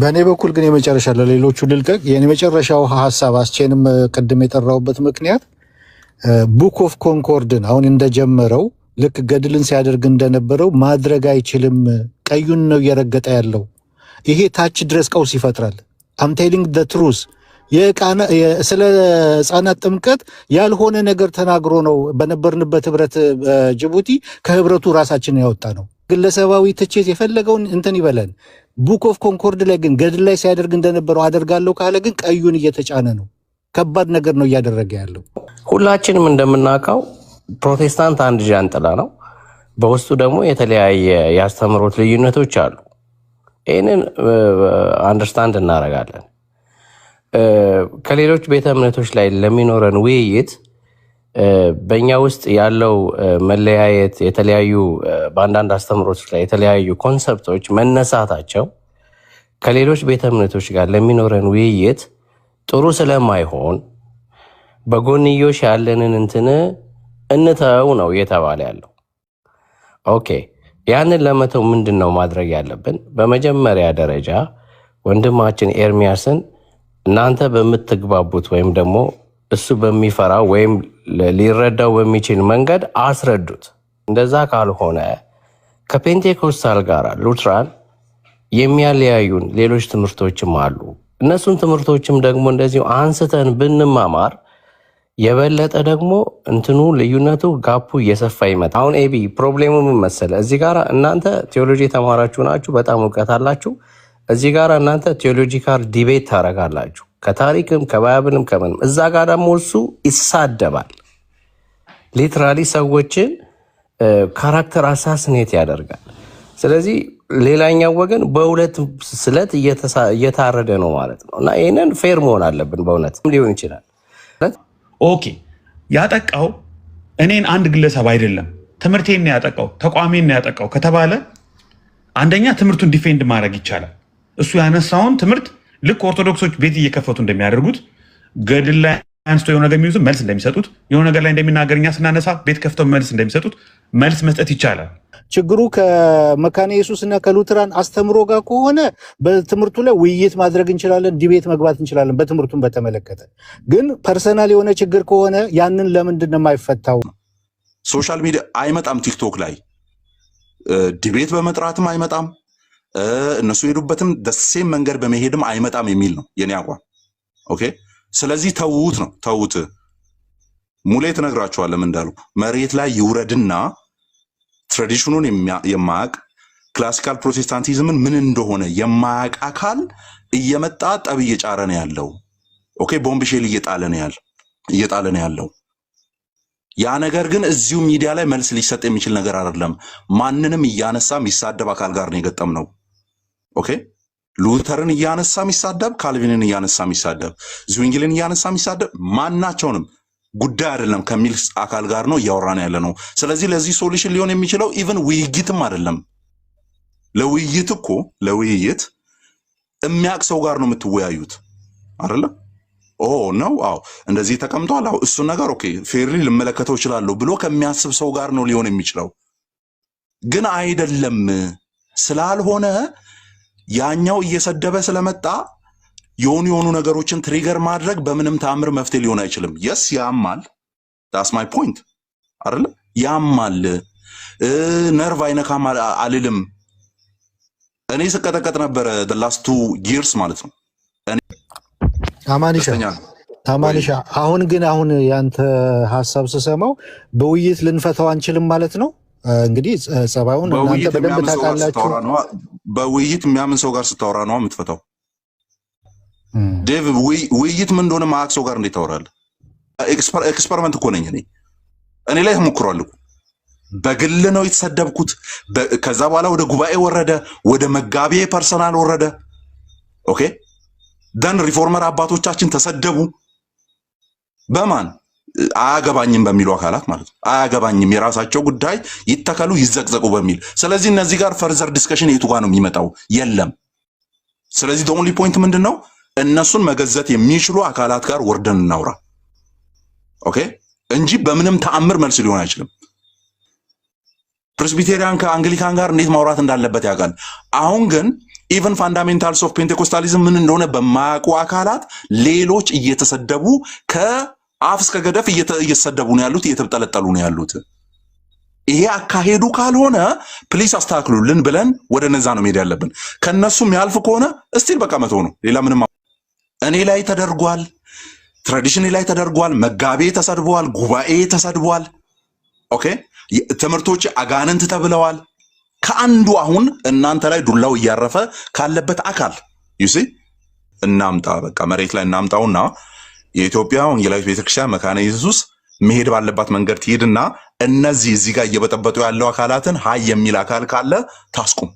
በእኔ በኩል ግን የመጨረሻ ለሌሎቹ ልልቀቅ። መጨረሻው ሀሳብ አስቼንም ቅድም የጠራውበት ምክንያት ቡክ ኦፍ ኮንኮርድን አሁን እንደጀመረው ልክ ገድልን ሲያደርግ እንደነበረው ማድረግ አይችልም። ቀዩን ነው እየረገጠ ያለው። ይሄ ታች ድረስ ቀውስ ይፈጥራል። አምቴሊንግ ደ ትሩስ ስለ ህፃናት ጥምቀት ያልሆነ ነገር ተናግሮ ነው በነበርንበት ህብረት ጅቡቲ ከህብረቱ ራሳችን ያወጣ ነው። ግለሰባዊ ትችት የፈለገውን እንትን ይበለን ቡክ ኦፍ ኮንኮርድ ላይ ግን ገድል ላይ ሲያደርግ እንደነበረው አደርጋለሁ ካለ ግን ቀዩን እየተጫነ ነው። ከባድ ነገር ነው እያደረገ ያለው። ሁላችንም እንደምናውቀው ፕሮቴስታንት አንድ ዣንጥላ ነው። በውስጡ ደግሞ የተለያየ የአስተምህሮት ልዩነቶች አሉ። ይህንን አንደርስታንድ እናደርጋለን። ከሌሎች ቤተ እምነቶች ላይ ለሚኖረን ውይይት በእኛ ውስጥ ያለው መለያየት የተለያዩ በአንዳንድ አስተምሮች ላይ የተለያዩ ኮንሰፕቶች መነሳታቸው ከሌሎች ቤተ እምነቶች ጋር ለሚኖረን ውይይት ጥሩ ስለማይሆን በጎንዮሽ ያለንን እንትን እንተው ነው እየተባለ ያለው። ኦኬ፣ ያንን ለመተው ምንድን ነው ማድረግ ያለብን? በመጀመሪያ ደረጃ ወንድማችን ኤርሚያስን እናንተ በምትግባቡት ወይም ደግሞ እሱ በሚፈራው ወይም ሊረዳው በሚችል መንገድ አስረዱት። እንደዛ ካልሆነ ከፔንቴኮስታል ጋር ሉትራን የሚያለያዩን ሌሎች ትምህርቶችም አሉ። እነሱን ትምህርቶችም ደግሞ እንደዚሁ አንስተን ብንማማር የበለጠ ደግሞ እንትኑ ልዩነቱ ጋፑ እየሰፋ ይመጣል። አሁን ኤቢ ፕሮብሌሙ ምን መሰለ? እዚህ ጋር እናንተ ቴዎሎጂ የተማራችሁ ናችሁ፣ በጣም እውቀት አላችሁ። እዚህ ጋር እናንተ ቴዎሎጂካል ዲቤት ታደርጋላችሁ። ከታሪክም ከባይብልም ከምንም። እዛ ጋር ደግሞ እሱ ይሳደባል። ሊትራሊ ሰዎችን ካራክተር አሳስኔት ያደርጋል። ስለዚህ ሌላኛው ወገን በሁለት ስለት እየታረደ ነው ማለት ነው። እና ይህንን ፌር መሆን አለብን። በእውነት ሊሆን ይችላል። ኦኬ ያጠቃው እኔን አንድ ግለሰብ አይደለም ትምህርቴን ያጠቃው ተቋሜን ያጠቃው ከተባለ አንደኛ ትምህርቱን ዲፌንድ ማድረግ ይቻላል። እሱ ያነሳውን ትምህርት ልክ ኦርቶዶክሶች ቤት እየከፈቱ እንደሚያደርጉት ገድል ላይ አንስቶ የሆነ ነገር የሚሉት መልስ እንደሚሰጡት የሆነ ነገር ላይ እንደሚናገር እኛ ስናነሳ ቤት ከፍተው መልስ እንደሚሰጡት መልስ መስጠት ይቻላል። ችግሩ ከመካነ ኢየሱስ እና ከሉትራን አስተምሮ ጋር ከሆነ በትምህርቱ ላይ ውይይት ማድረግ እንችላለን፣ ዲቤት መግባት እንችላለን። በትምህርቱን በተመለከተ ግን ፐርሰናል የሆነ ችግር ከሆነ ያንን ለምንድን ነው የማይፈታው? ሶሻል ሚዲያ አይመጣም። ቲክቶክ ላይ ዲቤት በመጥራትም አይመጣም። እነሱ የሄዱበትም ደሴም መንገድ በመሄድም አይመጣም የሚል ነው የኔ አቋም። ኦኬ ስለዚህ ተዉት ነው ተዉት። ሙሌ ትነግራቸዋለም እንዳልኩ መሬት ላይ ይውረድና ትራዲሽኑን የማያቅ ክላሲካል ፕሮቴስታንቲዝምን ምን እንደሆነ የማያቅ አካል እየመጣ ጠብ እየጫረ ነው ያለው። ኦኬ ቦምብ ሼል እየጣለ ነው ያለው። ያ ነገር ግን እዚሁ ሚዲያ ላይ መልስ ሊሰጥ የሚችል ነገር አይደለም። ማንንም እያነሳ የሚሳደብ አካል ጋር ነው የገጠም ነው። ኦኬ ሉተርን እያነሳ የሚሳደብ ካልቪንን እያነሳ የሚሳደብ ዝዊንግልን እያነሳ የሚሳደብ ማናቸውንም ጉዳይ አይደለም ከሚል አካል ጋር ነው እያወራን ያለ ነው። ስለዚህ ለዚህ ሶሉሽን ሊሆን የሚችለው ኢቨን ውይይትም አይደለም። ለውይይት እኮ ለውይይት የሚያቅ ሰው ጋር ነው የምትወያዩት አይደለም። ኦ ነው አዎ፣ እንደዚህ ተቀምጧል። አዎ እሱን ነገር ኦኬ ፌርሊ ልመለከተው እችላለሁ ብሎ ከሚያስብ ሰው ጋር ነው ሊሆን የሚችለው። ግን አይደለም ስላልሆነ ያኛው እየሰደበ ስለመጣ የሆኑ የሆኑ ነገሮችን ትሪገር ማድረግ በምንም ተአምር መፍትሄ ሊሆን አይችልም። የስ ያማል፣ ዳስ ማይ ፖይንት አይደለ? ያማል፣ ነርቭ አይነካም አልልም። እኔ ስቀጠቀጥ ነበረ ላስቱ ጊርስ ማለት ነው። ታማኒሻ አሁን ግን አሁን ያንተ ሀሳብ ስሰማው በውይይት ልንፈታው አንችልም ማለት ነው። እንግዲህ ጸባዩን እናንተ በደንብ ታውቃላችሁ። በውይይት የሚያምን ሰው ጋር ስታወራ ነው የምትፈታው። ዴቭ ውይይት ምን እንደሆነ ማያውቅ ሰው ጋር እንዴት ታወራለህ? ኤክስፐሪመንት እኮ ነኝ እኔ እኔ ላይ ተሞክሯል በግል ነው የተሰደብኩት። ከዛ በኋላ ወደ ጉባኤ ወረደ፣ ወደ መጋቤ ፐርሰናል ወረደ። ኦኬ ደን ሪፎርመር አባቶቻችን ተሰደቡ በማን አያገባኝም በሚሉ አካላት ማለት ነው። አያገባኝም የራሳቸው ጉዳይ ይተከሉ ይዘቅዘቁ በሚል ስለዚህ እነዚህ ጋር ፈርዘር ዲስከሽን የቱ ጋር ነው የሚመጣው? የለም። ስለዚህ ኦንሊ ፖይንት ምንድን ነው? እነሱን መገዘት የሚችሉ አካላት ጋር ወርደን እናውራ። ኦኬ እንጂ በምንም ተአምር መልስ ሊሆን አይችልም። ፕሬስቢቴሪያን ከአንግሊካን ጋር እንዴት ማውራት እንዳለበት ያውቃል። አሁን ግን ኢቨን ፋንዳሜንታልስ ኦፍ ፔንቴኮስታሊዝም ምን እንደሆነ በማያውቁ አካላት ሌሎች እየተሰደቡ ከ አፍ እስከ ገደፍ እየተሰደቡ ነው ያሉት፣ እየተጠለጠሉ ነው ያሉት። ይሄ አካሄዱ ካልሆነ ፕሊስ አስተካክሉልን ብለን ወደ ነዛ ነው መሄድ ያለብን። ከነሱ የሚያልፍ ከሆነ እስቲል በቃ መተው ነው። ሌላ ምንም እኔ ላይ ተደርጓል፣ ትራዲሽን ላይ ተደርጓል፣ መጋቤ ተሰድበዋል፣ ጉባኤ ተሰድቧል ኦኬ ትምህርቶች አጋንንት ተብለዋል። ከአንዱ አሁን እናንተ ላይ ዱላው እያረፈ ካለበት አካል ዩሲ እናምጣ፣ በቃ መሬት ላይ እናምጣውና የኢትዮጵያ ወንጌላዊት ቤተክርስቲያን መካነ ኢየሱስ መሄድ ባለባት መንገድ ትሄድና እነዚህ እዚህ ጋር እየበጠበጡ ያለው አካላትን ሀይ የሚል አካል ካለ ታስቁም።